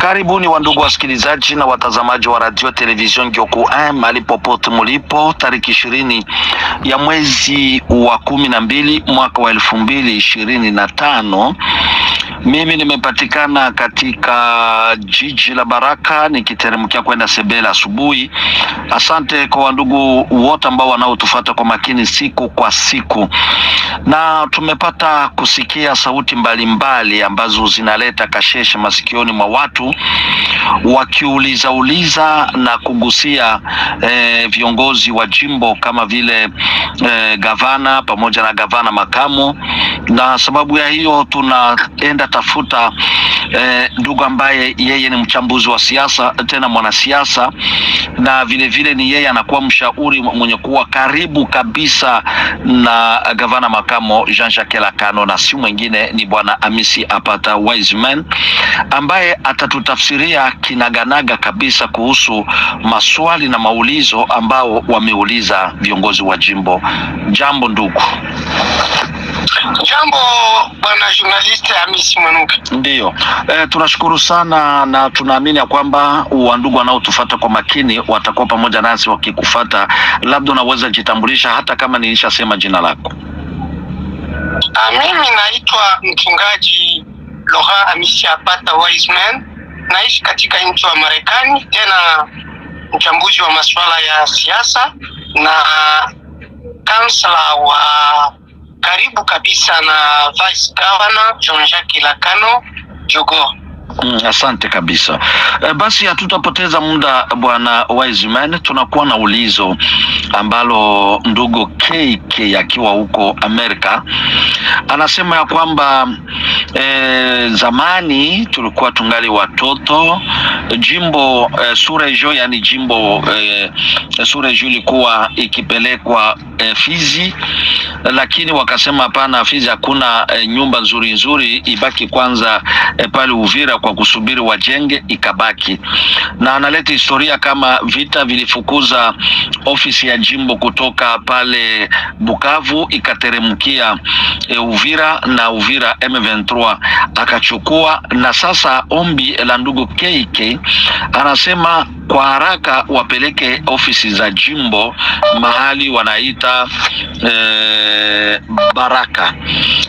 Karibuni wa ndugu wasikilizaji na watazamaji wa radio television Ngyoku mahali popote mulipo, tariki ishirini ya mwezi wa kumi na mbili mwaka wa elfu mbili ishirini na tano. Mimi nimepatikana katika jiji la Baraka nikiteremkia kwenda Sebela asubuhi. Asante kwa wandugu wote ambao wanaotufuata kwa makini siku kwa siku, na tumepata kusikia sauti mbalimbali mbali ambazo zinaleta kasheshe masikioni mwa watu wakiuliza uliza na kugusia eh, viongozi wa jimbo kama vile eh, gavana pamoja na gavana makamu, na sababu ya hiyo tunaenda tafuta eh, ndugu ambaye yeye ni mchambuzi wa siasa tena mwanasiasa, na vile vile ni yeye anakuwa mshauri mwenye kuwa karibu kabisa na gavana makamo Jean-Jacques Lacano, na si mwingine ni bwana Amisi Apata Wiseman ambaye atatutafsiria kinaganaga kabisa kuhusu maswali na maulizo ambao wameuliza viongozi wa jimbo. Jambo ndugu bwana journalist Hamisi Mwanuka. Ndio E, eh, tunashukuru sana na tunaamini ya kwamba wandugu wanaotufuata kwa makini watakuwa pamoja nasi wakikufuata. Labda unaweza jitambulisha hata kama nilishasema jina lako. Ah, mimi naitwa mchungaji Loha Hamisi Apata Wiseman, naishi katika nchi ya Marekani, tena mchambuzi wa masuala ya siasa na kansela wa karibu kabisa na Vice Governor John Jacques Lacano Jogo. Mm, asante kabisa. E, basi hatutapoteza muda bwana man, tunakuwa na ulizo ambalo ndugu KK akiwa huko Amerika anasema ya kwamba e, zamani tulikuwa tungali watoto jimbo eh, Surejo yani jimbo eh, Surejo ilikuwa ikipelekwa eh, Fizi, lakini wakasema hapana, Fizi hakuna eh, nyumba nzuri nzuri, ibaki kwanza eh, pale Uvira kwa kusubiri wajenge, ikabaki na analeta historia kama vita vilifukuza ofisi ya jimbo kutoka pale Bukavu ikateremkia e, Uvira na Uvira M23 akachukua. Na sasa ombi la ndugu KK anasema kwa haraka wapeleke ofisi za jimbo mahali wanaita e, Baraka.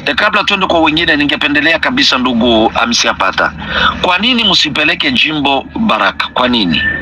E, kabla tuende kwa wengine, ningependelea kabisa ndugu amsiapata, Apata, kwa nini msipeleke jimbo Baraka? Kwa nini?